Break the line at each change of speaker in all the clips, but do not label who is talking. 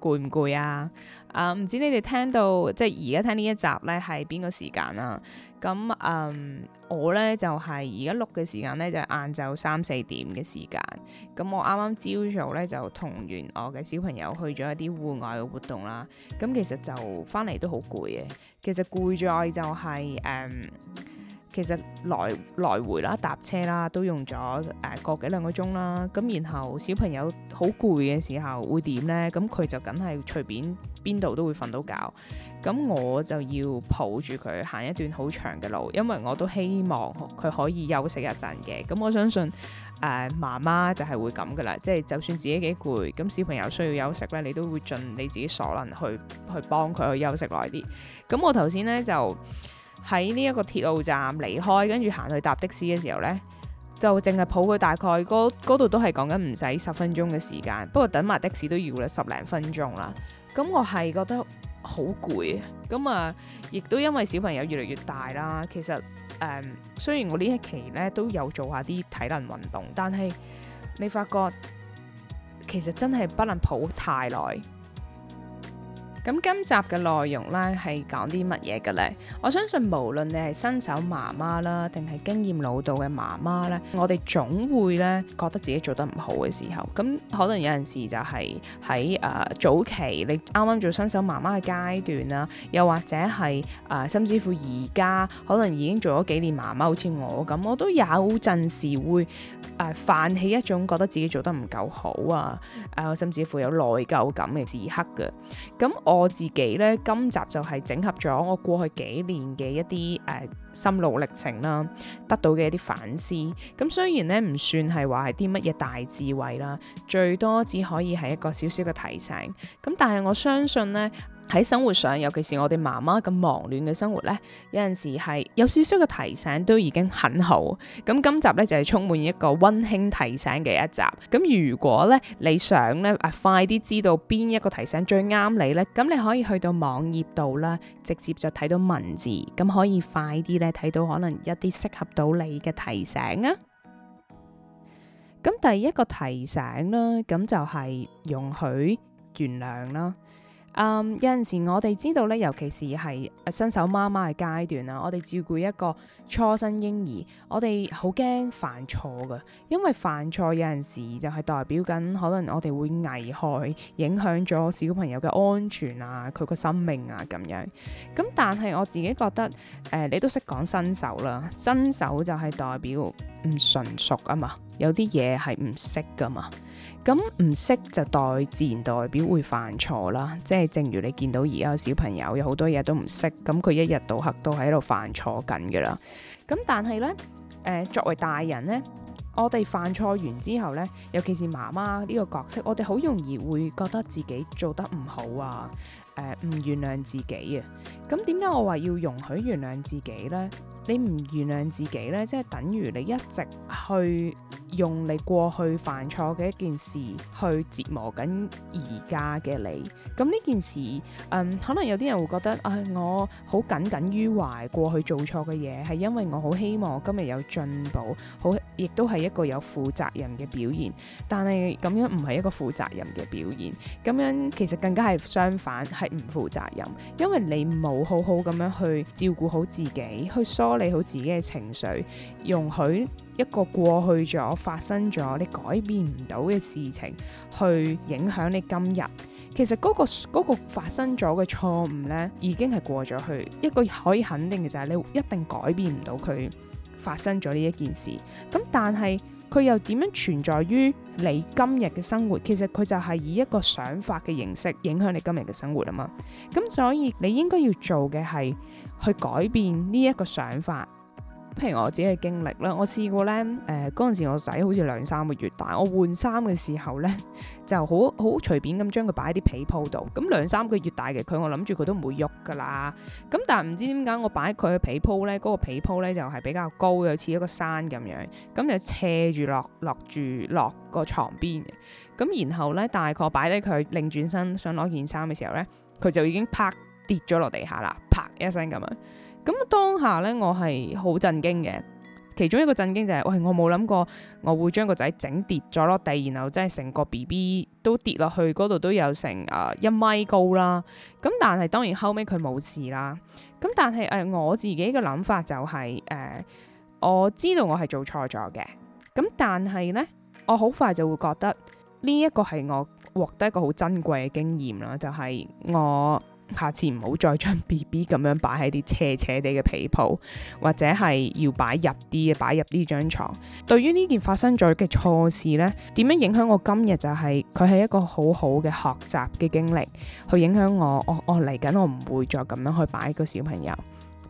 攰唔攰啊？啊，唔、uh, 知你哋聽到即係而家聽呢一集呢係邊個時間啊？咁嗯，um, 我呢就係而家錄嘅時間呢，就係晏晝三四點嘅時間。咁我啱啱朝早呢，就同完我嘅小朋友去咗一啲戶外嘅活動啦。咁其實就翻嚟都好攰嘅。其實攰在就係、是、誒。Um, 其實來來回啦，搭車啦，都用咗誒、呃、個幾兩個鐘啦。咁然後小朋友好攰嘅時候會點呢？咁佢就梗係隨便邊度都會瞓到覺。咁我就要抱住佢行一段好長嘅路，因為我都希望佢可以休息一陣嘅。咁我相信誒、呃、媽媽就係會咁噶啦。即係就算自己幾攰，咁小朋友需要休息咧，你都會盡你自己所能去去幫佢去休息耐啲。咁我頭先咧就，喺呢一個鐵路站離開，跟住行去搭的士嘅時候呢，就淨係抱佢大概嗰度都係講緊唔使十分鐘嘅時間，不過等埋的士都要啦十零分鐘啦。咁我係覺得好攰，咁啊，亦都因為小朋友越嚟越大啦。其實誒，嗯，雖然我呢一期呢都有做下啲體能運動，但係你發覺其實真係不能抱太耐。咁今集嘅內容咧係講啲乜嘢嘅咧？我相信無論你係新手媽媽啦，定係經驗老道嘅媽媽咧，我哋總會咧覺得自己做得唔好嘅時候，咁可能有陣時就係喺誒早期你啱啱做新手媽媽嘅階段啦，又或者係誒、呃、甚至乎而家可能已經做咗幾年媽媽，好似我咁，我都有陣時會誒泛起一種覺得自己做得唔夠好啊，誒、呃、甚至乎有內疚感嘅時刻嘅，咁我自己呢，今集就係整合咗我過去幾年嘅一啲誒、呃、心路歷程啦，得到嘅一啲反思。咁雖然呢唔算係話係啲乜嘢大智慧啦，最多只可以係一個少少嘅提醒。咁但係我相信呢，喺生活上，尤其是我哋媽媽咁忙亂嘅生活呢，有陣時係有少少嘅提醒都已經很好。咁今集呢，就係充滿一個溫馨提醒嘅一集。咁如果呢，你想呢，啊快啲知道邊一個提醒最啱你呢？咁你可以去到網頁度啦，直接就睇到文字，咁可以快啲呢睇到可能一啲適合到你嘅提醒啊。咁第一個提醒啦，咁就係容許原諒啦。Um，有陣時我哋知道咧，尤其是係新手媽媽嘅階段啦，我哋照顧一個初生嬰兒，我哋好驚犯錯㗎，因為犯錯有陣時就係代表緊可能我哋會危害、影響咗小朋友嘅安全啊、佢個生命啊咁樣。咁但係我自己覺得，誒、呃、你都識講新手啦，新手就係代表唔純熟啊嘛，有啲嘢係唔識噶嘛。咁唔識就代自然代表會犯錯啦，即係正如你見到而家小朋友有好多嘢都唔識，咁佢一日到黑都喺度犯錯緊㗎喇。咁但係咧，誒、呃、作為大人咧，我哋犯錯完之後咧，尤其是媽媽呢個角色，我哋好容易會覺得自己做得唔好啊，誒、呃、唔原諒自己啊。咁點解我話要容許原諒自己咧？你唔原諒自己咧，即係等於你一直去用你過去犯錯嘅一件事去折磨緊而家嘅你。咁呢件事，嗯，可能有啲人會覺得，啊、哎、我好耿耿於懷過去做錯嘅嘢，係因為我好希望今日有進步，好亦都係一個有負責任嘅表現。但係咁樣唔係一個負責任嘅表現，咁樣其實更加係相反，係唔負責任，因為你冇好好咁樣去照顧好自己，去疏。管理好自己嘅情緒，容許一個過去咗、發生咗、你改變唔到嘅事情去影響你今日。其實嗰個嗰個發生咗嘅錯誤呢，已經係過咗去。一個可以肯定嘅就係，你一定改變唔到佢發生咗呢一件事。咁但係佢又點樣存在於你今日嘅生活？其實佢就係以一個想法嘅形式影響你今日嘅生活啊嘛。咁所以你應該要做嘅係。去改變呢一個想法，譬如我自己嘅經歷啦，我試過咧，誒嗰陣時我仔好似兩三個月大，我換衫嘅時候咧就好好隨便咁將佢擺喺啲被鋪度，咁兩三個月大嘅佢，我諗住佢都唔會喐噶啦，咁但係唔知點解我擺佢嘅被鋪咧，嗰個被鋪咧就係比較高嘅，似一個山咁樣，咁就斜住落落住落個床邊，咁然後咧大概擺低佢，另轉身想攞件衫嘅時候咧，佢就已經拍。跌咗落地下啦，啪，一聲咁樣，咁當下咧，我係好震驚嘅。其中一個震驚就係、是，我我冇諗過我會將個仔整跌咗落地，然後真係成個 B B 都跌落去嗰度，都有成誒、呃、一米高啦。咁但係當然後尾佢冇事啦。咁但係誒、呃、我自己嘅諗法就係、是、誒、呃、我知道我係做錯咗嘅。咁但係咧，我好快就會覺得呢一個係我獲得一個好珍貴嘅經驗啦，就係、是、我。下次唔好再將 BB 咁樣擺喺啲斜斜地嘅被鋪，或者係要擺入啲，嘅擺入呢張床。對於呢件發生咗嘅錯事呢，點樣影響我今日就係佢係一個好好嘅學習嘅經歷，去影響我，我我嚟緊我唔會再咁樣去擺個小朋友。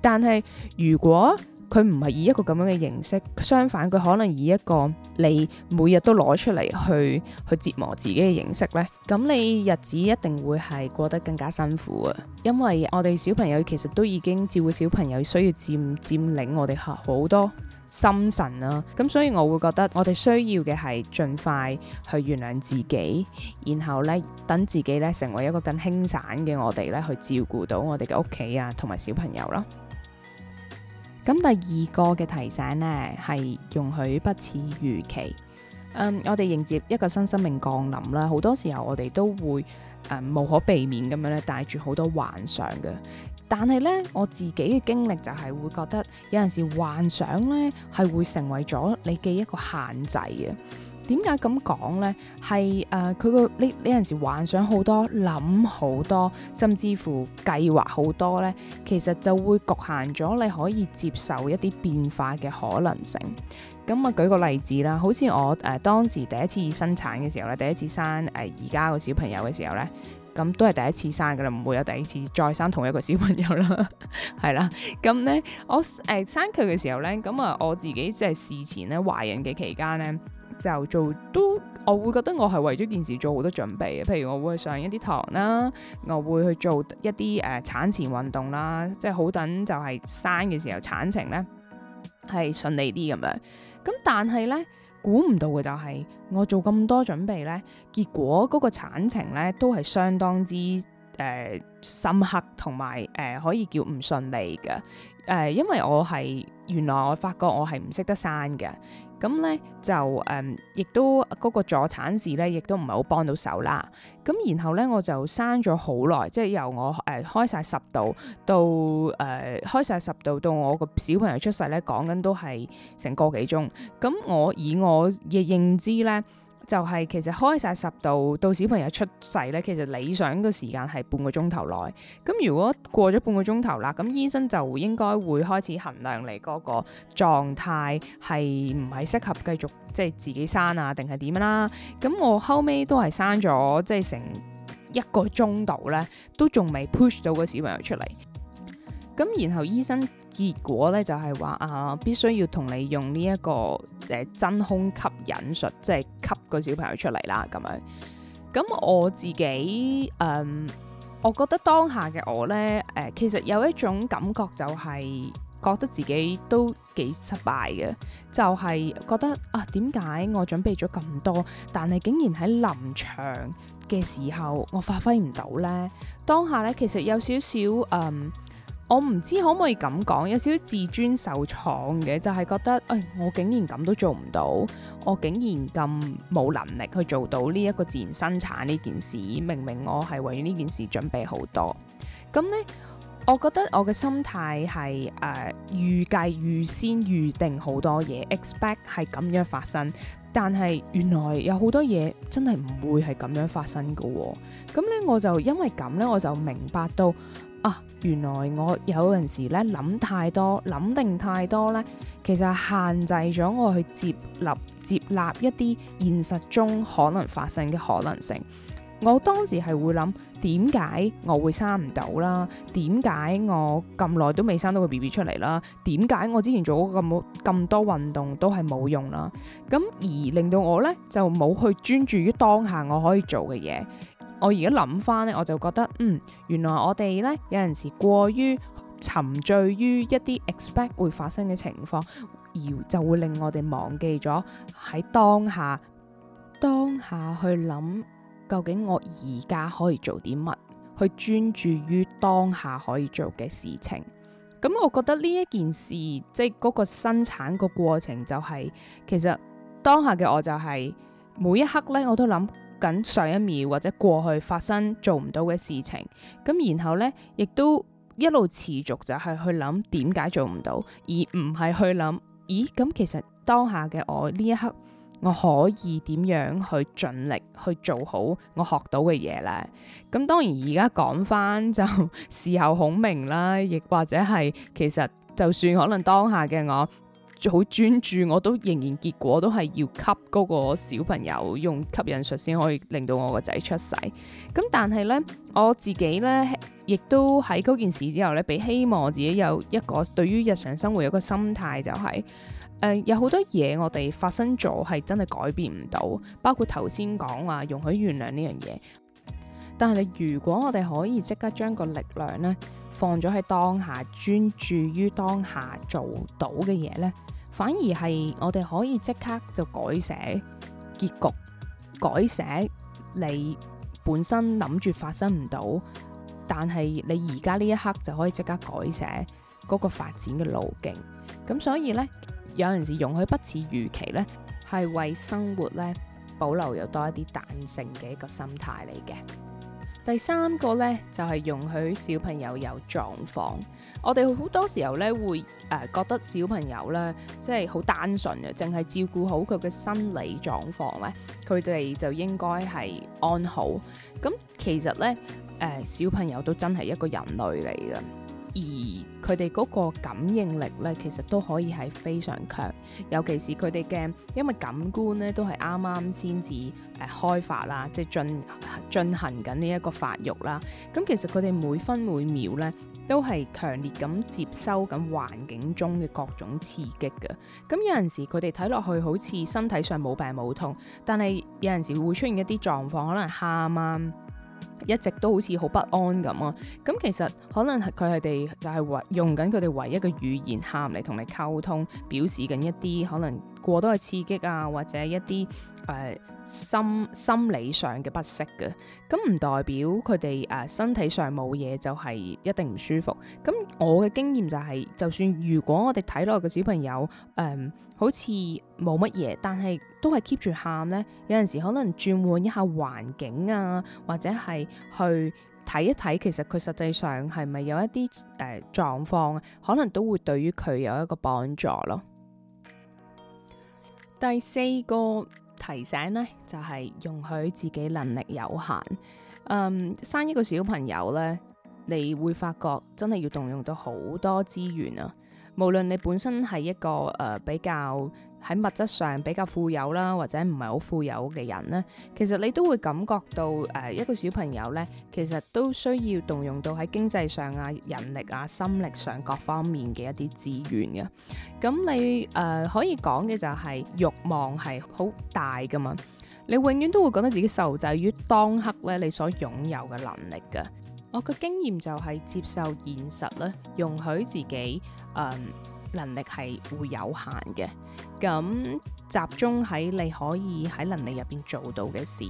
但係如果，佢唔係以一個咁樣嘅形式，相反佢可能以一個你每日都攞出嚟去去折磨自己嘅形式呢，咁你日子一定會係過得更加辛苦啊！因為我哋小朋友其實都已經照顧小朋友，需要佔佔領我哋好多心神啦、啊。咁所以我會覺得我哋需要嘅係盡快去原諒自己，然後呢，等自己呢成為一個更輕省嘅我哋呢，去照顧到我哋嘅屋企啊同埋小朋友咯。咁第二個嘅提醒呢，係容許不似預期。嗯，我哋迎接一個新生命降臨啦，好多時候我哋都會誒、嗯、無可避免咁樣咧，帶住好多幻想嘅。但係呢，我自己嘅經歷就係會覺得有陣時幻想呢係會成為咗你嘅一個限制嘅。點解咁講呢？係誒，佢個呢呢陣時幻想好多，諗好多，甚至乎計劃好多呢，其實就會局限咗你可以接受一啲變化嘅可能性。咁、嗯、啊，舉個例子啦，好似我誒、呃、當時第一次生產嘅時候咧，第一次生誒而家個小朋友嘅時候呢，咁、嗯、都係第一次生噶啦，唔會有第二次再生同一個小朋友 啦。係、嗯、啦，咁、嗯、呢，我誒、呃、生佢嘅時候呢，咁、嗯、啊、嗯、我自己即係事前咧懷孕嘅期間呢。就做都，我會覺得我係為咗件事做好多準備嘅，譬如我會去上一啲堂啦，我會去做一啲誒、呃、產前運動啦，即係好等就係生嘅時候產程咧係順利啲咁樣。咁但係咧，估唔到嘅就係、是、我做咁多準備咧，結果嗰個產程咧都係相當之誒、呃、深刻同埋誒可以叫唔順利嘅。誒、呃，因為我係原來我發覺我係唔識得生嘅。咁咧就誒、嗯，亦都嗰、嗰個助產士咧，亦都唔係好幫到手啦。咁然後咧，我就生咗好耐，即係由我誒開晒十度到誒開曬十度，到、呃、曬十度到我個小朋友出世咧，講緊都係成個幾鐘。咁我以我嘅認知咧。就係其實開晒十度，到小朋友出世咧，其實理想嘅時間係半個鐘頭內。咁如果過咗半個鐘頭啦，咁醫生就應該會開始衡量你嗰個狀態係唔係適合繼續即係自己生啊，定係點樣啦？咁我後尾都係生咗即係成一個鐘度咧，都仲未 push 到個小朋友出嚟。咁然後醫生。結果咧就係話啊，必須要同你用呢、這、一個誒、呃、真空吸引術，即係吸個小朋友出嚟啦，咁樣。咁我自己誒、嗯，我覺得當下嘅我呢，誒、呃，其實有一種感覺就係覺得自己都幾失敗嘅，就係、是、覺得啊，點解我準備咗咁多，但係竟然喺臨場嘅時候我發揮唔到呢？當下呢，其實有少少誒。嗯我唔知可唔可以咁講，有少少自尊受創嘅，就係、是、覺得，誒、哎，我竟然咁都做唔到，我竟然咁冇能力去做到呢一個自然生產呢件事。明明我係為呢件事準備好多，咁呢，我覺得我嘅心態係誒、呃、預計、預先預定好多嘢，expect 係咁樣發生，但係原來有好多嘢真係唔會係咁樣發生嘅喎。咁呢，我就因為咁呢，我就明白到。啊，原來我有陣時咧諗太多，諗定太多咧，其實限制咗我去接納接納一啲現實中可能發生嘅可能性。我當時係會諗點解我會生唔到啦？點解我咁耐都未生到個 BB 出嚟啦？點解我之前做過咁咁多運動都係冇用啦？咁而令到我咧就冇去專注於當下我可以做嘅嘢。我而家諗翻咧，我就覺得嗯，原來我哋咧有陣時過於沉醉於一啲 expect 會發生嘅情況，而就會令我哋忘記咗喺當下當下去諗究竟我而家可以做啲乜，去專注於當下可以做嘅事情。咁我覺得呢一件事，即係嗰個生產個過程就係，其實當下嘅我就係每一刻咧，我都諗。緊上一秒，或者過去發生做唔到嘅事情，咁然後呢，亦都一路持續就係去諗點解做唔到，而唔係去諗，咦咁其實當下嘅我呢一刻，我可以點樣去盡力去做好我學到嘅嘢呢？咁當然而家講翻就事後孔明啦，亦或者係其實就算可能當下嘅我。就好專注，我都仍然結果都係要吸嗰個小朋友用吸引術先可以令到我個仔出世。咁但係呢，我自己呢，亦都喺嗰件事之後呢，俾希望自己有一個對於日常生活有個心態、就是，就係誒，有好多嘢我哋發生咗係真係改變唔到，包括頭先講話容許原諒呢樣嘢。但係你如果我哋可以即刻將個力量呢。放咗喺當下，專注於當下做到嘅嘢呢，反而係我哋可以即刻就改寫結局，改寫你本身諗住發生唔到，但係你而家呢一刻就可以即刻改寫嗰個發展嘅路徑。咁所以呢，有陣時容許不似預期呢，係為生活呢保留有多一啲彈性嘅一個心態嚟嘅。第三個咧就係、是、容許小朋友有狀況。我哋好多時候咧會誒、呃、覺得小朋友咧即係好單純嘅，淨係照顧好佢嘅生理狀況咧，佢哋就應該係安好。咁其實咧誒、呃、小朋友都真係一個人類嚟嘅。佢哋嗰個感應力咧，其實都可以係非常強，尤其是佢哋嘅，因為感官咧都係啱啱先至誒開發啦，即係進進行緊呢一個發育啦。咁其實佢哋每分每秒咧，都係強烈咁接收緊環境中嘅各種刺激嘅。咁有陣時佢哋睇落去好似身體上冇病冇痛，但係有陣時會出現一啲狀況，可能下慢、啊。一直都好似好不安咁啊！咁其實可能佢哋就係用緊佢哋唯一嘅語言喊嚟同你溝通，表示緊一啲可能過多嘅刺激啊，或者一啲誒、呃、心心理上嘅不適嘅。咁唔代表佢哋誒身體上冇嘢就係一定唔舒服。咁我嘅經驗就係、是，就算如果我哋睇落個小朋友誒、呃、好似冇乜嘢，但係都係 keep 住喊咧。有陣時可能轉換一下環境啊，或者係～去睇一睇，其實佢實際上係咪有一啲誒、呃、狀況，可能都會對於佢有一個幫助咯。第四個提醒呢，就係、是、容許自己能力有限。嗯，生一個小朋友呢，你會發覺真係要動用到好多資源啊。無論你本身係一個誒、呃、比較。喺物質上比較富有啦，或者唔係好富有嘅人呢，其實你都會感覺到誒、呃，一個小朋友呢，其實都需要動用到喺經濟上啊、人力啊、心力上各方面嘅一啲資源嘅。咁你誒、呃、可以講嘅就係、是、慾望係好大噶嘛，你永遠都會覺得自己受制於當刻呢你所擁有嘅能力噶。我嘅經驗就係接受現實咧，容許自己誒。呃能力係會有限嘅，咁集中喺你可以喺能力入邊做到嘅事，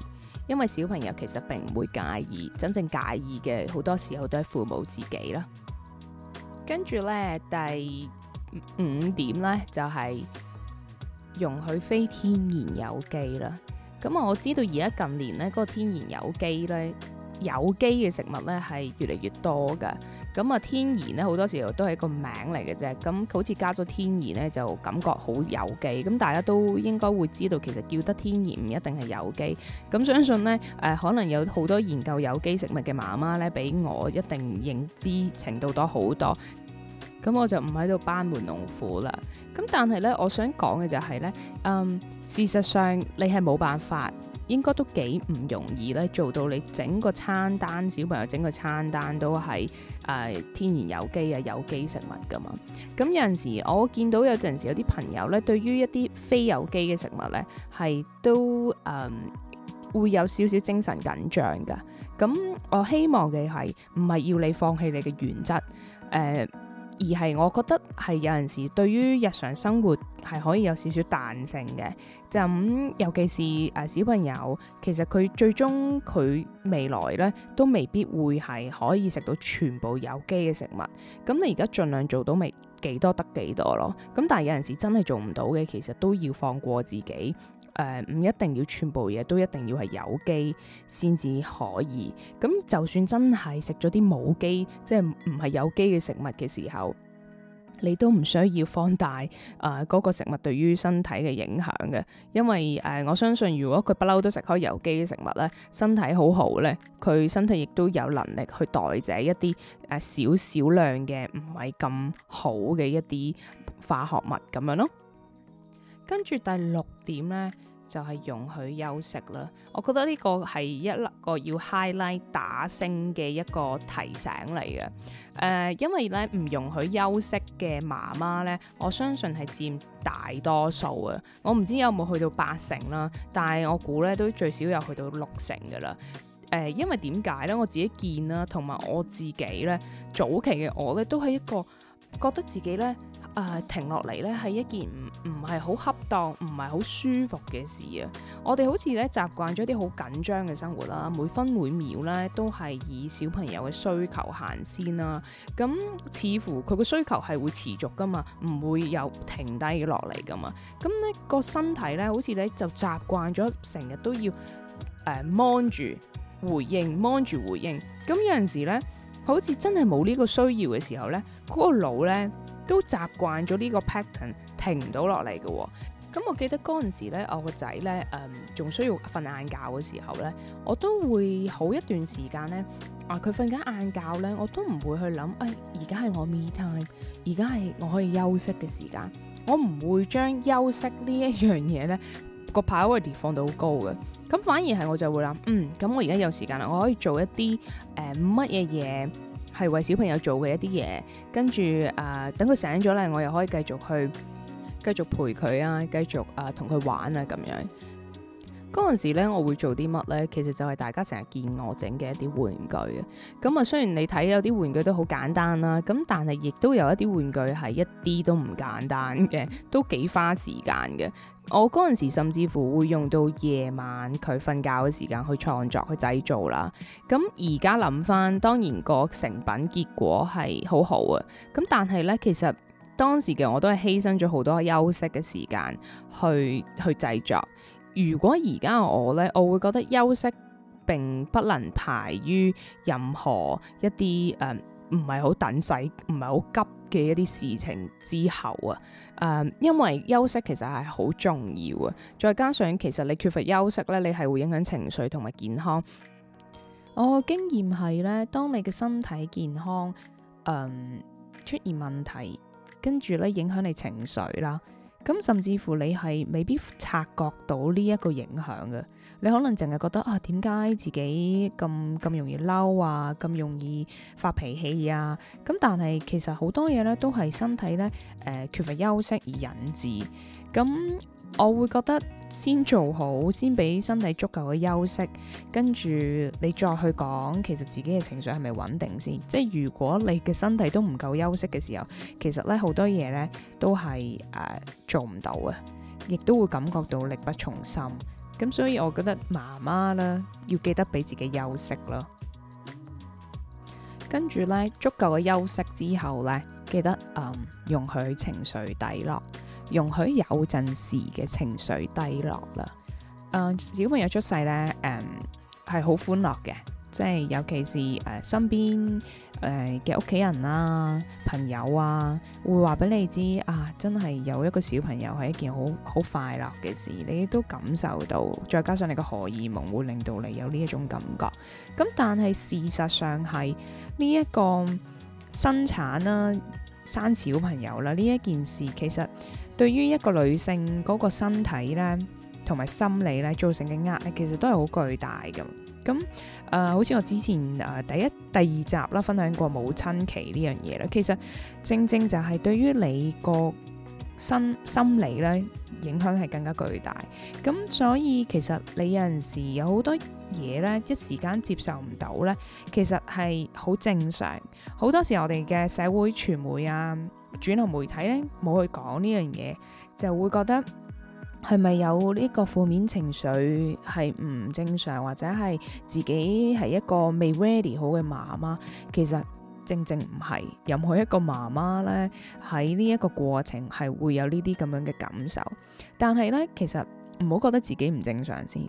因為小朋友其實並唔會介意，真正介意嘅好多時候都係父母自己啦。跟住咧第五點咧就係容許非天然有機啦。咁我知道而家近年咧嗰個天然有機咧有機嘅食物咧係越嚟越多噶。咁啊天然咧，好多時候都係個名嚟嘅啫。咁好似加咗天然咧，就感覺好有機。咁大家都應該會知道，其實叫得天然唔一定係有機。咁相信咧，誒可能有好多研究有機食物嘅媽媽咧，比我一定認知程度多好多。咁我就唔喺度班門弄斧啦。咁但係咧，我想講嘅就係咧，嗯，事實上你係冇辦法。應該都幾唔容易咧，做到你整個餐單，小朋友整個餐單都係誒、呃、天然有機啊，有機食物㗎嘛。咁有陣時，我見到有陣時有啲朋友咧，對於一啲非有機嘅食物咧，係都誒、呃、會有少少精神緊張㗎。咁我希望嘅係唔係要你放棄你嘅原則，誒、呃？而係，我覺得係有陣時對於日常生活係可以有少少彈性嘅。就、嗯、咁尤其是誒、呃、小朋友，其實佢最終佢未來咧都未必會係可以食到全部有機嘅食物。咁你而家盡量做到未？幾多得幾多咯。咁但係有陣時真係做唔到嘅，其實都要放過自己。誒，呃，唔一定要全部嘢都一定要係有機先至可以。咁就算真係食咗啲冇機，即係唔係有機嘅食物嘅時候，你都唔需要放大啊嗰、呃嗰個食物對於身體嘅影響嘅，因為誒、呃、我相信，如果佢不嬲都食開有機嘅食物咧，身體好好咧，佢身體亦都有能力去代謝一啲誒少少量嘅唔係咁好嘅一啲化學物咁樣咯。跟住第六點咧，就係、係、容許休息啦。我覺得呢個係一粒個要 highlight 打星嘅一個提醒嚟嘅。誒、呃，因為咧唔容許休息嘅媽媽咧，我相信係佔大多數啊！我唔知有冇去到八成啦，但係我估咧都最少有去到六成㗎喇。誒、呃，因為點解咧？我自己見啦，同埋我自己咧，早期嘅我咧都係一個覺得自己咧。誒、呃、停落嚟咧，係一件唔唔係好恰當、唔係好舒服嘅事啊！我哋好似咧習慣咗啲好緊張嘅生活啦，每分每秒咧都係以小朋友嘅需求行先啦、啊。咁似乎佢個需求係會持續噶嘛，唔會有停低嘅落嚟噶嘛。咁呢個身體咧，好似咧就習慣咗成日都要誒 mon 住回應，mon 住回應。咁有陣時咧。好似真係冇呢個需要嘅時候，那個、腦呢嗰個腦咧都習慣咗呢個 pattern，停唔到落嚟嘅。咁我記得嗰陣時咧，我個仔呢誒，仲、嗯、需要瞓晏覺嘅時候呢，我都會好一段時間呢，啊，佢瞓緊晏覺呢，我都唔會去諗，誒、哎，而家係我 me time，而家係我可以休息嘅時間，我唔會將休息一呢一樣嘢呢個 priority 放到好高嘅。咁反而係我就會諗，嗯，咁我而家有時間啦，我可以做一啲誒乜嘢嘢係為小朋友做嘅一啲嘢，跟住誒、呃，等佢醒咗咧，我又可以繼續去繼續陪佢啊，繼續啊同佢玩啊咁樣。嗰陣時咧，我會做啲乜呢？其實就係大家成日見我整嘅一啲玩具。咁啊，雖然你睇有啲玩具都好簡單啦，咁但係亦都有一啲玩具係一啲都唔簡單嘅，都幾花時間嘅。我嗰陣時甚至乎會用到夜晚佢瞓覺嘅時間去創作、去製造啦。咁而家諗翻，當然個成品結果係好好啊。咁但係呢，其實當時嘅我都係犧牲咗好多休息嘅時間去去製作。如果而家我呢，我會覺得休息並不能排於任何一啲誒，唔係好等使唔係好急嘅一啲事情之後啊，呃，因為休息其實係好重要啊。再加上其實你缺乏休息呢，你係會影響情緒同埋健康。我、哦、經驗係呢，當你嘅身體健康，呃，出現問題，跟住呢影響你情緒啦。咁甚至乎你係未必察覺到呢一個影響嘅，你可能淨係覺得啊，點解自己咁咁容易嬲啊，咁容易發脾氣啊？咁但係其實好多嘢咧都係身體咧誒、呃、缺乏休息而引致，咁。我會覺得先做好，先俾身體足夠嘅休息，跟住你再去講，其實自己嘅情緒係咪穩定先？即係如果你嘅身體都唔夠休息嘅時候，其實咧好多嘢咧都係誒、呃、做唔到啊，亦都會感覺到力不從心。咁所以我覺得媽媽咧要記得俾自己休息咯。跟住咧足夠嘅休息之後咧，記得誒、嗯、容許情緒低落。容許有陣時嘅情緒低落啦。Uh, 小朋友出世呢誒係好歡樂嘅，即係尤其是誒、uh, 身邊誒嘅屋企人啦、啊、朋友啊，會話俾你知啊，uh, 真係有一個小朋友係一件好好快樂嘅事，你都感受到。再加上你嘅荷爾蒙會令到你有呢一種感覺。咁但係事實上係呢一個生產啦、啊、生小朋友啦、啊、呢一件事其實。對於一個女性嗰個身體咧，同埋心理咧造成嘅壓力，其實都係好巨大嘅。咁誒、呃，好似我之前誒第一、第二集啦，分享過母親期呢樣嘢啦。其實正正就係對於你個身心理咧，影響係更加巨大。咁所以其實你有陣時有好多嘢咧，一時間接受唔到咧，其實係好正常。好多時候我哋嘅社會傳媒啊～轉頭媒體咧冇去講呢樣嘢，就會覺得係咪有呢個負面情緒係唔正常，或者係自己係一個未 ready 好嘅媽媽？其實正正唔係，任何一個媽媽咧，喺呢一個過程係會有呢啲咁樣嘅感受，但係咧其實唔好覺得自己唔正常先，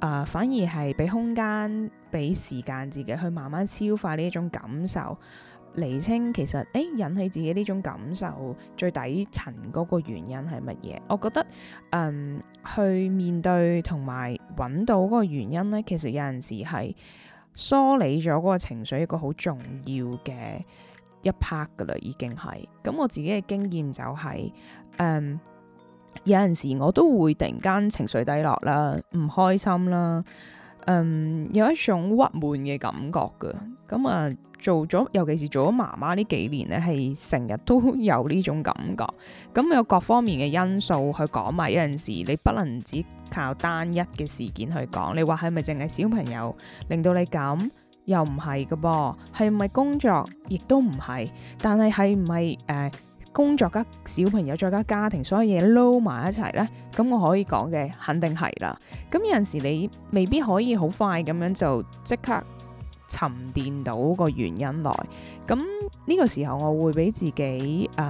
啊、呃、反而係俾空間、俾時間自己去慢慢消化呢一種感受。釐清其實，誒、欸、引起自己呢種感受最底層嗰個原因係乜嘢？我覺得，嗯，去面對同埋揾到嗰個原因咧，其實有陣時係梳理咗嗰個情緒一個好重要嘅一 part 噶啦，已經係。咁我自己嘅經驗就係、是，誒、嗯、有陣時我都會突然間情緒低落啦，唔開心啦，嗯，有一種鬱悶嘅感覺噶。咁啊、嗯，做咗尤其是做咗媽媽呢幾年咧，係成日都有呢種感覺。咁、嗯、有各方面嘅因素去講埋。有陣時你不能只靠單一嘅事件去講。你話係咪淨係小朋友令到你咁？又唔係噶噃？係咪工作？亦都唔係。但係係唔係誒工作加小朋友再加家庭所有嘢撈埋一齊咧？咁我可以講嘅肯定係啦。咁有陣時你未必可以好快咁樣就即刻。沉澱到個原因來，咁呢個時候我會俾自己誒誒、呃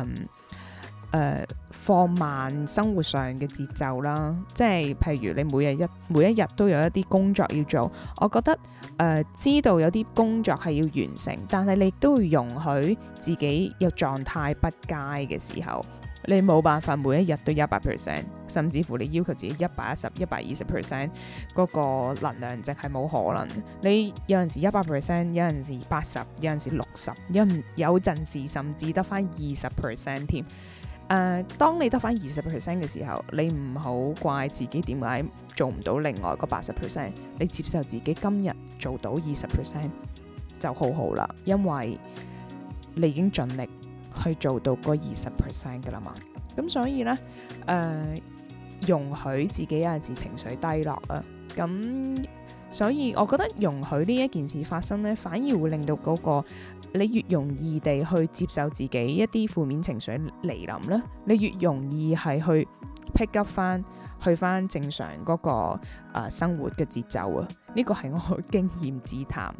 呃、放慢生活上嘅節奏啦，即係譬如你每日一每一日都有一啲工作要做，我覺得誒、呃、知道有啲工作係要完成，但係你都會容許自己有狀態不佳嘅時候。你冇辦法每一日都一百 percent，甚至乎你要求自己一百一十、一百二十 percent 嗰個能量值係冇可能。你有陣時一百 percent，有陣時八十，有陣時六十，有有陣時甚至得翻二十 percent 添。誒、呃，當你得翻二十 percent 嘅時候，你唔好怪自己點解做唔到另外嗰八十 percent。你接受自己今日做到二十 percent 就好好啦，因為你已經盡力。去做到個二十 percent 嘅啦嘛。咁所以呢，誒、呃、容許自己有陣時情緒低落啊。咁所以我覺得容許呢一件事發生呢，反而會令到嗰、那個你越容易地去接受自己一啲負面情緒嚟臨啦，你越容易係去 pick up 翻去翻正常嗰、那個、呃、生活嘅節奏啊，呢個係我經驗之談。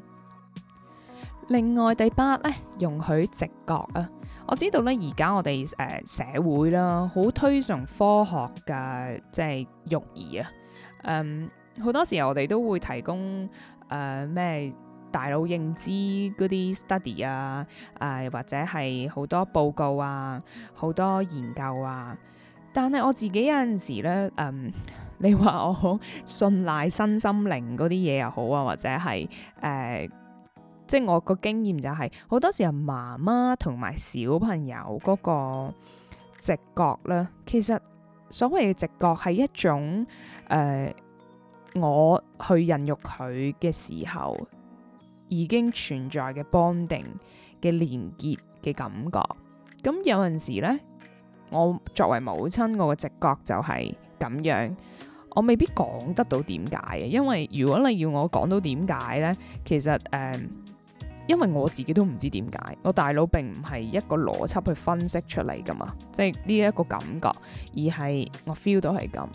另外第八呢，容許直覺啊。我知道咧，而家我哋誒、呃、社會啦，好推崇科學嘅即係育兒啊。嗯，好多時候我哋都會提供誒咩、呃、大腦認知嗰啲 study 啊，誒、呃、或者係好多報告啊，好多研究啊。但係我自己有陣時咧，嗯，你話我好信賴身心靈嗰啲嘢又好啊，或者係誒。呃即係我個經驗就係、是，好多時候媽媽同埋小朋友嗰個直覺呢，其實所謂嘅直覺係一種誒、呃，我去孕育佢嘅時候已經存在嘅 bonding 嘅連結嘅感覺。咁有陣時呢，我作為母親，我嘅直覺就係咁樣，我未必講得到點解嘅，因為如果你要我講到點解呢，其實誒。呃因為我自己都唔知點解，我大腦並唔係一個邏輯去分析出嚟噶嘛，即係呢一個感覺，而係我 feel 到係咁。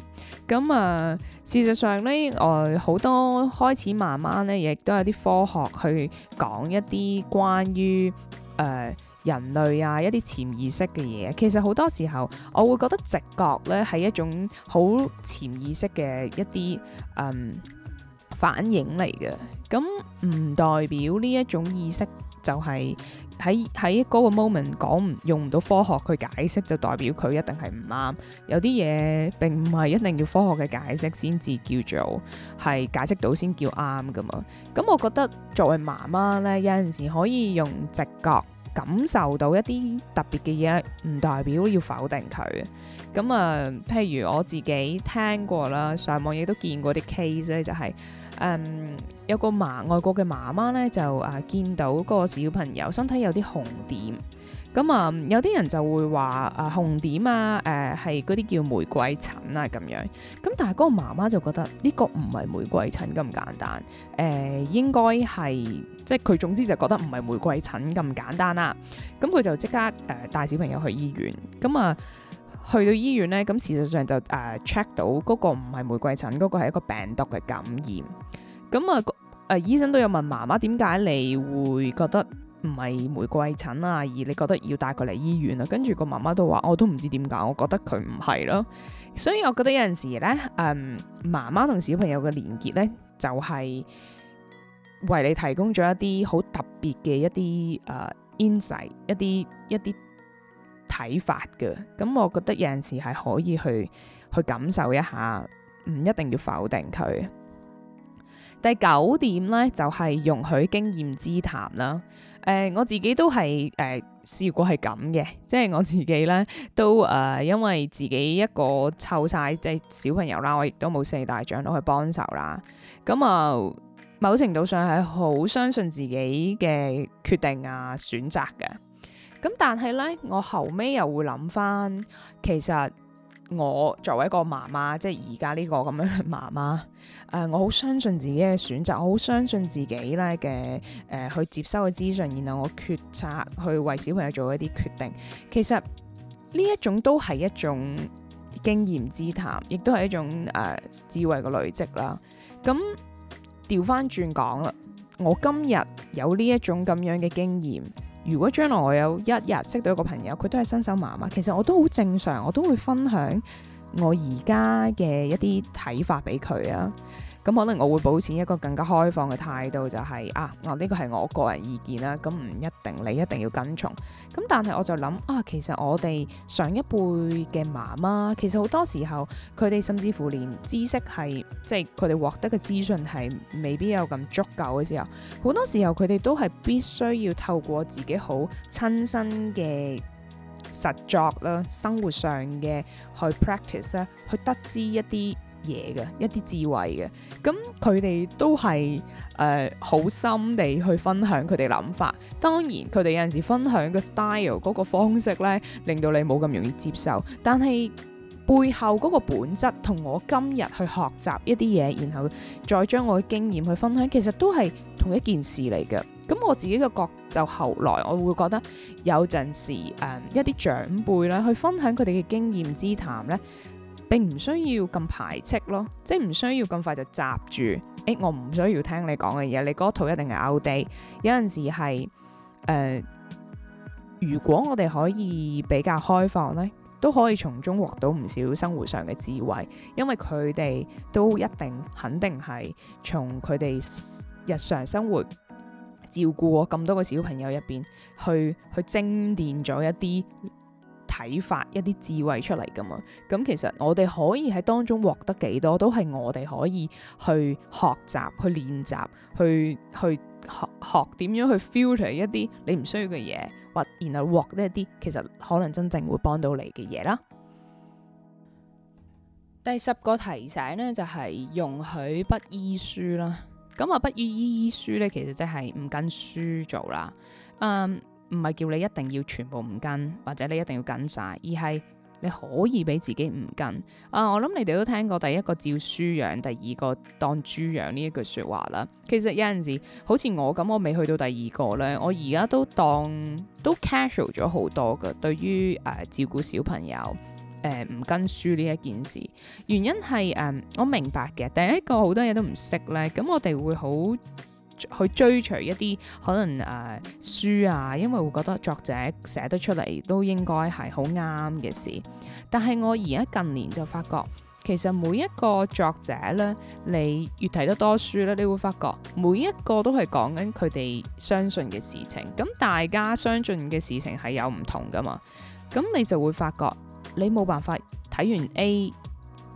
咁啊、呃，事實上呢，我好多開始慢慢呢，亦都有啲科學去講一啲關於誒、呃、人類啊一啲潛意識嘅嘢。其實好多時候，我會覺得直覺呢係一種好潛意識嘅一啲嗯反應嚟嘅。咁唔代表呢一種意識就係喺喺嗰個 moment 講唔用唔到科學去解釋，就代表佢一定係唔啱。有啲嘢並唔係一定要科學嘅解釋先至叫做係解釋到先叫啱㗎嘛。咁我覺得作為媽媽呢，有陣時可以用直覺感受到一啲特別嘅嘢，唔代表要否定佢。咁啊、呃，譬如我自己聽過啦，上網亦都見過啲 case 咧、就係，就係。誒、um, 有個媽外國嘅媽媽咧，就啊見到個小朋友身體有啲紅點，咁、嗯、啊有啲人就會話啊紅點啊誒係嗰啲叫玫瑰疹啊咁樣，咁但係嗰個媽媽就覺得呢、呢個唔係玫瑰疹咁簡單，誒、呃、應該係即係佢總之就覺得唔係玫瑰疹咁簡單啦，咁、嗯、佢就即刻誒、呃、帶小朋友去醫院，咁、嗯、啊。去到醫院咧，咁事實上就誒 check、呃、到嗰個唔係玫瑰疹，嗰、那個係一個病毒嘅感染。咁啊，誒、呃、醫生都有問媽媽點解你會覺得唔係玫瑰疹啊，而你覺得要帶佢嚟醫院啊？跟住個媽媽都話：我都唔知點解，我覺得佢唔係咯。所以我覺得有陣時咧，嗯，媽媽同小朋友嘅連結咧，就係、是、為你提供咗一啲好特別嘅一啲誒 insight，一啲一啲。睇法嘅，咁我覺得有陣時係可以去去感受一下，唔一定要否定佢。第九點咧就係、是、容許經驗之談啦。誒、呃，我自己都係誒、呃、試過係咁嘅，即係我自己咧都誒、呃，因為自己一個湊晒即係小朋友啦，我亦都冇四大長老去幫手啦。咁、嗯、啊，某程度上係好相信自己嘅決定啊、選擇嘅。咁但係咧，我後尾又會諗翻，其實我作為一個媽媽，即係而家呢個咁樣嘅媽媽，誒、呃，我好相信自己嘅選擇，我好相信自己咧嘅誒去接收嘅資訊，然後我決策去為小朋友做一啲決定。其實呢一種都係一種經驗之談，亦都係一種誒、呃、智慧嘅累積啦。咁調翻轉講啦，我今日有呢一種咁樣嘅經驗。如果將來我有一日識到一個朋友，佢都係新手媽媽，其實我都好正常，我都會分享我而家嘅一啲睇法俾佢啊。咁可能我會保持一個更加開放嘅態度，就是，就係啊，嗱，啊，呢，這個係我個人意見啦，咁唔一定你一定要跟從。咁但係我就諗啊，其實我哋上一輩嘅媽媽，其實好多時候佢哋甚至乎連知識係，即係佢哋獲得嘅資訊係未必有咁足夠嘅時候，好多時候佢哋都係必須要透過自己好親身嘅實作啦，生活上嘅去 practice 咧，去得知一啲。嘢嘅一啲智慧嘅，咁佢哋都係誒好心地去分享佢哋諗法。當然佢哋有陣時分享嘅 style 嗰個方式咧，令到你冇咁容易接受。但係背後嗰個本質同我今日去學習一啲嘢，然後再將我嘅經驗去分享，其實都係同一件事嚟嘅。咁我自己嘅覺就後來我會覺得有陣時誒、呃、一啲長輩咧去分享佢哋嘅經驗之談咧。並唔需要咁排斥咯，即係唔需要咁快就閘住，誒、欸，我唔需要聽你講嘅嘢，你嗰套一定係 outdate。有陣時係誒，如果我哋可以比較開放咧，都可以從中獲到唔少生活上嘅智慧，因為佢哋都一定肯定係從佢哋日常生活照顧我咁多個小朋友入邊，去去精煉咗一啲。啟發一啲智慧出嚟噶嘛？咁其實我哋可以喺當中獲得幾多，都係我哋可以去學習、去練習、去去學學點樣去 filter 一啲你唔需要嘅嘢，或然後獲得一啲其實可能真正會幫到你嘅嘢啦。第十個提醒呢，就係容許不依書啦。咁啊，不依依書呢，其實即係唔跟書做啦。嗯、um,。唔係叫你一定要全部唔跟，或者你一定要跟晒，而係你可以俾自己唔跟。啊，我諗你哋都聽過第一個照書養，第二個當豬養呢一句說話啦。其實有陣時，好似我咁，我未去到第二個呢，我而家都當都 casual 咗好多噶。對於誒、呃、照顧小朋友誒唔、呃、跟書呢一件事，原因係誒、呃、我明白嘅。第一個好多嘢都唔識呢。咁我哋會好。去追隨一啲可能誒、呃、書啊，因為會覺得作者寫得出嚟都應該係好啱嘅事。但係我而家近年就發覺，其實每一個作者咧，你越睇得多書咧，你會發覺每一個都係講緊佢哋相信嘅事情。咁大家相信嘅事情係有唔同噶嘛？咁你就會發覺，你冇辦法睇完 A，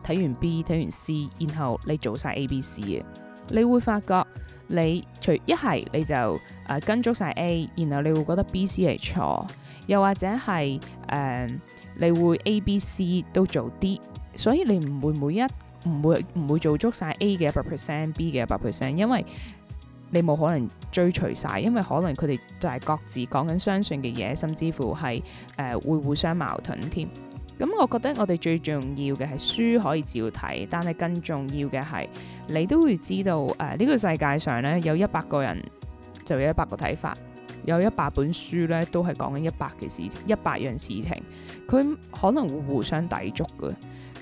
睇完 B，睇完 C，然後你做晒 A、B、C 嘅，你會發覺。你除一係你就誒、呃、跟足晒 A，然後你會覺得 B、C 係錯，又或者係誒、呃、你會 A、B、C 都做啲，所以你唔會每一唔會唔會做足晒 A 嘅一百 percent，B 嘅一百 percent，因為你冇可能追隨晒，因為可能佢哋就係各自講緊相信嘅嘢，甚至乎係誒會互相矛盾添。咁、嗯、我覺得我哋最重要嘅係書可以照睇，但係更重要嘅係你都會知道誒呢、呃，這個世界上咧有一百個人就有一百個睇法，有一百本書咧都係講緊一百嘅事情，一百樣事情，佢可能會互相抵觸嘅。誒、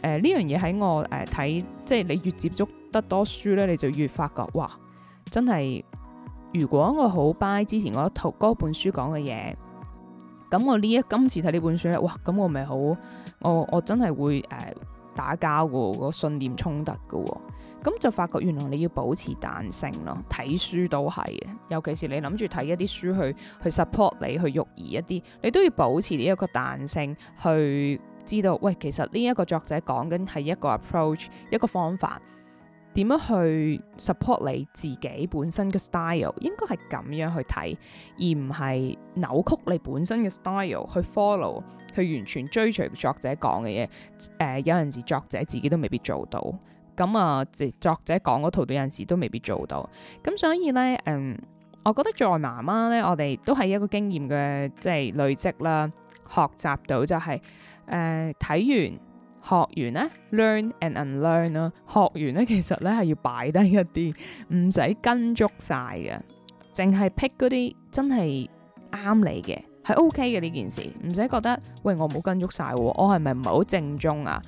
呃、呢樣嘢，喺我誒睇，即、呃、係、就是、你越接觸得多書咧，你就越發覺哇，真係如果我好 buy 之前嗰套嗰本書講嘅嘢，咁我呢一今次睇呢本書咧，哇咁我咪好。我我真係會誒、呃、打交嘅，個信念衝突嘅、哦，咁就發覺原來你要保持彈性咯。睇書都係，尤其是你諗住睇一啲書去去 support 你去育兒一啲，你都要保持呢一個彈性，去知道喂，其實呢一個作者講緊係一個 approach，一個方法。點樣去 support 你自己本身嘅 style？應該係咁樣去睇，而唔係扭曲你本身嘅 style 去 follow，去完全追隨作者講嘅嘢。誒、呃、有陣時作者自己都未必做到，咁啊，即作者講嗰套，有陣時都未必做到。咁所以咧，嗯，我覺得作為媽媽咧，我哋都係一個經驗嘅即係累積啦，學習到就係誒睇完。學完咧，learn and unlearn 咯。學完咧，其實咧係要擺低一啲，唔使跟足晒嘅，淨係 pick 嗰啲真係啱你嘅，係 OK 嘅。呢件事，唔使覺得喂，我冇跟足晒，我係咪唔係好正宗啊？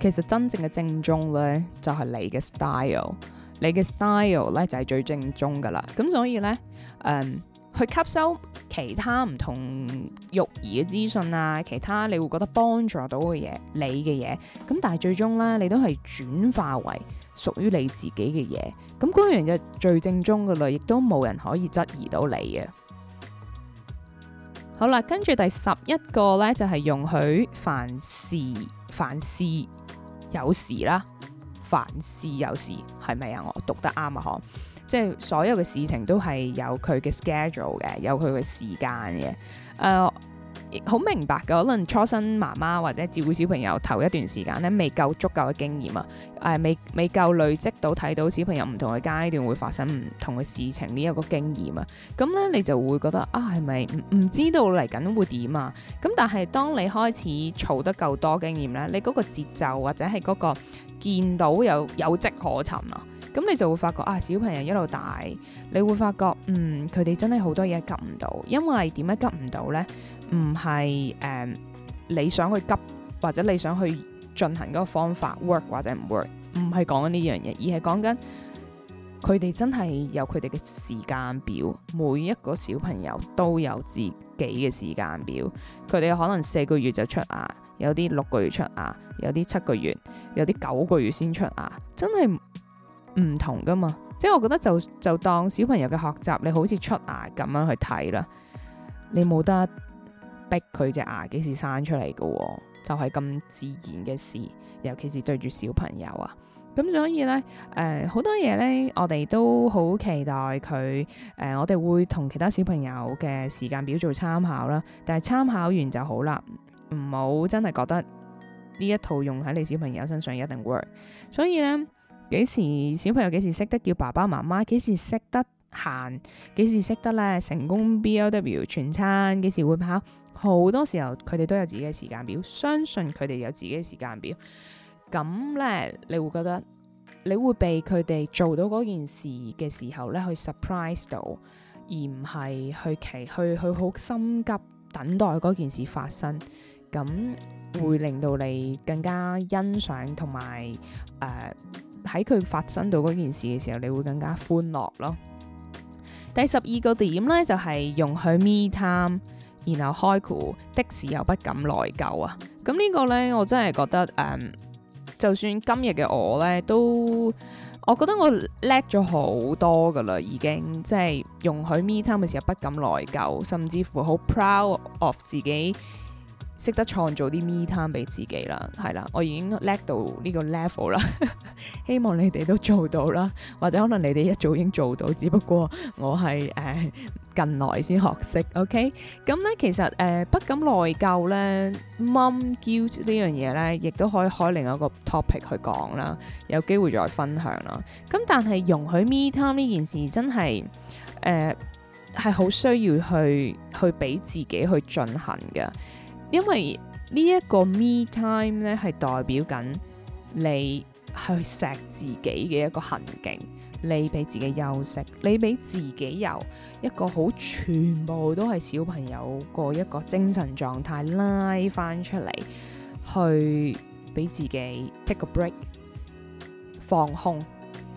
其實真正嘅正宗咧，就係你嘅 style，你嘅 style 咧就係最正宗噶啦。咁所以咧，嗯。去吸收其他唔同育兒嘅資訊啊，其他你會覺得幫助到嘅嘢，你嘅嘢，咁但係最終咧，你都係轉化為屬於你自己嘅嘢，咁嗰樣嘅最正宗嘅啦，亦都冇人可以質疑到你嘅。嗯、好啦，跟住第十一個咧，就係、是、容許凡事凡事有時啦，凡事有時凡事係咪啊？是是我讀得啱啊，嗬。即係所有嘅事情都係有佢嘅 schedule 嘅，有佢嘅時間嘅。誒，好明白嘅。可能初生媽媽或者照顧小朋友頭一段時間咧，未夠足夠嘅經驗啊，誒，未未夠累積到睇到小朋友唔同嘅階段會發生唔同嘅事情呢一個經驗啊。咁咧你就會覺得啊，係咪唔唔知道嚟緊會點啊？咁但係當你開始儲得夠多經驗咧，你嗰個節奏或者係嗰個見到有有跡可尋啊。咁你就會發覺啊，小朋友一路大，你會發覺，嗯，佢哋真係好多嘢急唔到，因為點解急唔到呢？唔係誒你想去急或者你想去進行嗰個方法 work 或者唔 work，唔係講緊呢樣嘢，而係講緊佢哋真係有佢哋嘅時間表，每一個小朋友都有自己嘅時間表。佢哋可能四個月就出牙，有啲六個月出牙，有啲七個月，有啲九個月先出牙，真係。唔同噶嘛，即係我覺得就就當小朋友嘅學習，你好似出牙咁樣去睇啦。你冇得逼佢隻牙幾時生出嚟噶、哦，就係、是、咁自然嘅事。尤其是對住小朋友啊，咁所以呢，誒、呃、好多嘢呢，我哋都好期待佢。誒、呃，我哋會同其他小朋友嘅時間表做參考啦，但係參考完就好啦，唔好真係覺得呢一套用喺你小朋友身上一定 work。所以呢。幾時小朋友幾時識得叫爸爸媽媽？幾時識得行？幾時識得咧？成功 B L W 全餐幾時會跑？好多時候佢哋都有自己嘅時間表，相信佢哋有自己嘅時間表。咁咧，你會覺得你會被佢哋做到嗰件事嘅時候咧，去 surprise 到，而唔係去期去去好心急等待嗰件事發生。咁會令到你更加欣賞同埋誒。喺佢發生到嗰件事嘅時候，你會更加歡樂咯。第十二個點呢，就係、是、容許 me time，然後開闊的時候不敢內疚啊。咁、嗯、呢、這個呢，我真係覺得誒、嗯，就算今日嘅我呢，都我覺得我叻咗好多㗎喇，已經即係、就是、容許 me time 嘅時候不敢內疚，甚至乎好 proud of 自己。識得創造啲 me time 俾自己啦，係啦，我已經叻到呢個 level 啦。 希望你哋都做到啦，或者可能你哋一早已經做到，只不過我係誒、uh, 近來先學識。OK，咁咧其實誒、uh, 不敢內疚咧，mum guilt 呢樣嘢咧，亦都可以開另一個 topic 去講啦。有機會再分享啦。咁但係容許 me time 呢件事真係誒係好需要去去俾自己去進行嘅。因為呢一個 me time 咧，係代表緊你去錫自己嘅一個行徑，你俾自己休息，你俾自己由一個好全部都係小朋友個一個精神狀態拉翻出嚟，去俾自己 take a break，放空。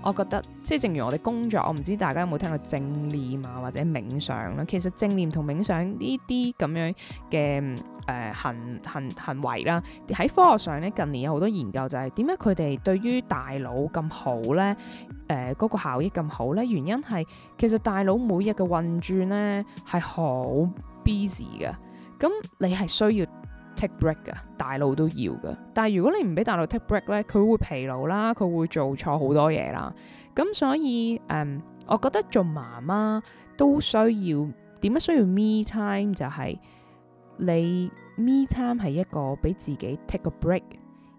我覺得即係正如我哋工作，我唔知大家有冇聽過正念啊或者冥想啦、啊。其實正念同冥想呢啲咁樣嘅誒、呃、行行行為啦，喺科學上咧近年有好多研究就係點解佢哋對於大腦咁好咧？誒、呃、嗰、嗰個效益咁好咧？原因係其實大腦每日嘅運轉咧係好 busy 嘅，咁你係需要 break 噶，大腦都要噶。但係如果你唔俾大腦 take break 咧，佢會疲勞啦，佢會做錯好多嘢啦。咁所以，嗯，我覺得做媽媽都需要點樣需要 me time，就係你 me time 係一個俾自己 take 個 break，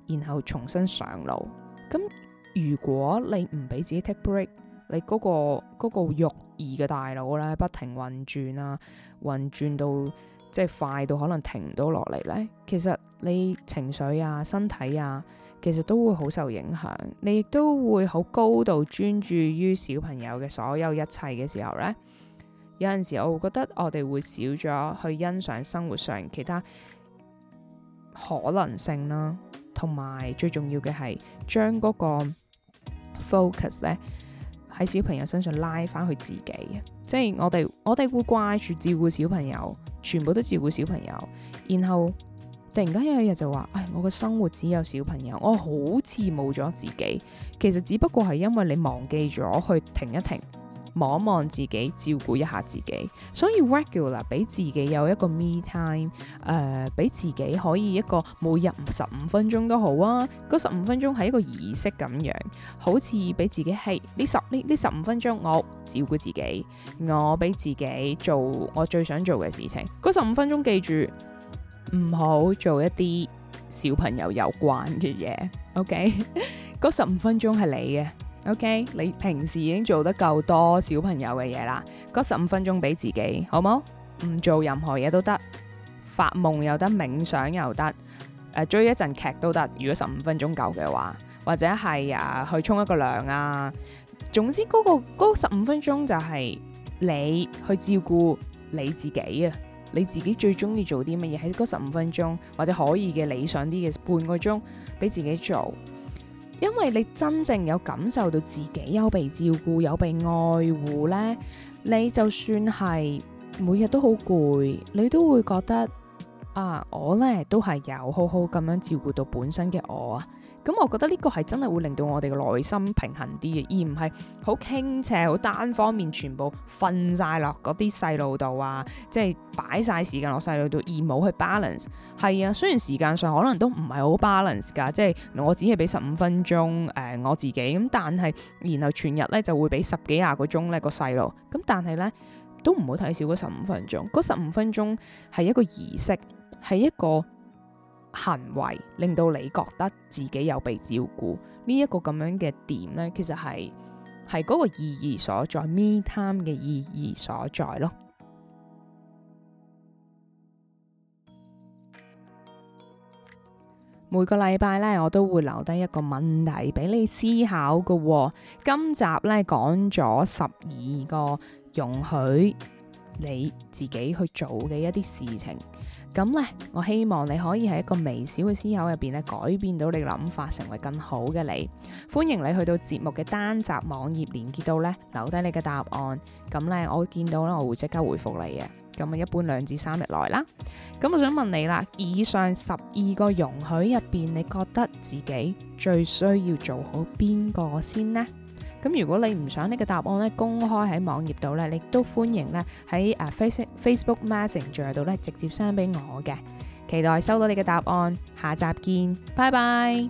然後重新上路。咁如果你唔俾自己 take break，你嗰、那個嗰、那個育兒嘅大腦咧，不停運轉啦，運轉到。即係快到可能停唔到落嚟呢，其實你情緒啊、身體啊，其實都會好受影響。你亦都會好高度專注於小朋友嘅所有一切嘅時候呢，有陣時我會覺得我哋會少咗去欣賞生活上其他可能性啦，啊，同埋最重要嘅係將嗰個 focus 呢，喺小朋友身上拉翻佢自己，即係我哋我哋會掛住照顧小朋友，全部都照顧小朋友，然後突然間有一日就話：唉，我嘅生活只有小朋友，我好似冇咗自己。其實只不過係因為你忘記咗去停一停。望一望自己，照顧一下自己，所以 regular 俾自己有一個 me time，誒、呃、俾自己可以一個每日十五分鐘都好啊！嗰十五分鐘係一個儀式咁樣，好似俾自己係呢十呢呢十五分鐘，我照顧自己，我俾自己做我最想做嘅事情。嗰十五分鐘，記住唔好做一啲小朋友有關嘅嘢。OK，嗰十五分鐘係你嘅。O、okay, K，你平時已經做得夠多小朋友嘅嘢啦，嗰十五分鐘俾自己，好冇？唔做任何嘢都得，發夢又得，冥想又得，誒、呃、追一陣劇都得。如果十五分鐘夠嘅話，或者係誒、啊、去沖一個涼啊，總之嗰、嗰個十五分鐘就係你去照顧你自己啊，你自己最中意做啲乜嘢喺嗰十五分鐘，或者可以嘅理想啲嘅半個鐘俾自己做。因為你真正有感受到自己有被照顧、有被愛護呢，你就算係每日都好攰，你都會覺得啊，我呢，都係有好好咁樣照顧到本身嘅我啊。咁、嗯、我覺得呢個係真係會令到我哋嘅內心平衡啲嘅，而唔係好傾斜、好單方面、全部瞓晒落嗰啲細路度啊！即係擺晒時間落細路度，而冇去 balance。係啊，雖然時間上可能都唔係好 balance 噶，即係我只係俾十五分鐘誒、呃、我自己咁，但係然後全日咧就會俾十幾廿個鐘咧、個細路。咁但係咧都唔好睇少嗰十五分鐘。嗰十五分鐘係一個儀式，係一個。行為令到你覺得自己有被照顧，呢、這、一個咁樣嘅點呢，其實係係嗰個意義所在，me time 嘅意義所在咯。每個禮拜呢，我都會留低一個問題俾你思考㗎、哦。今集呢，講咗十二個容許你自己去做嘅一啲事情。咁咧，我希望你可以喺一個微小嘅思考入邊咧，改變到你嘅諗法，成為更好嘅你。歡迎你去到節目嘅單集網頁鏈接到咧，留低你嘅答案。咁咧，我見到啦，我會即刻回覆你嘅。咁啊，一般兩至三日內啦。咁我想問你啦，以上十二個容許入邊，你覺得自己最需要做好邊個先呢？咁如果你唔想呢個答案咧公開喺網頁度咧，你都歡迎咧喺啊 Facebook Facebook Messenger 度咧直接 send 俾我嘅。期待收到你嘅答案，下集見，拜拜。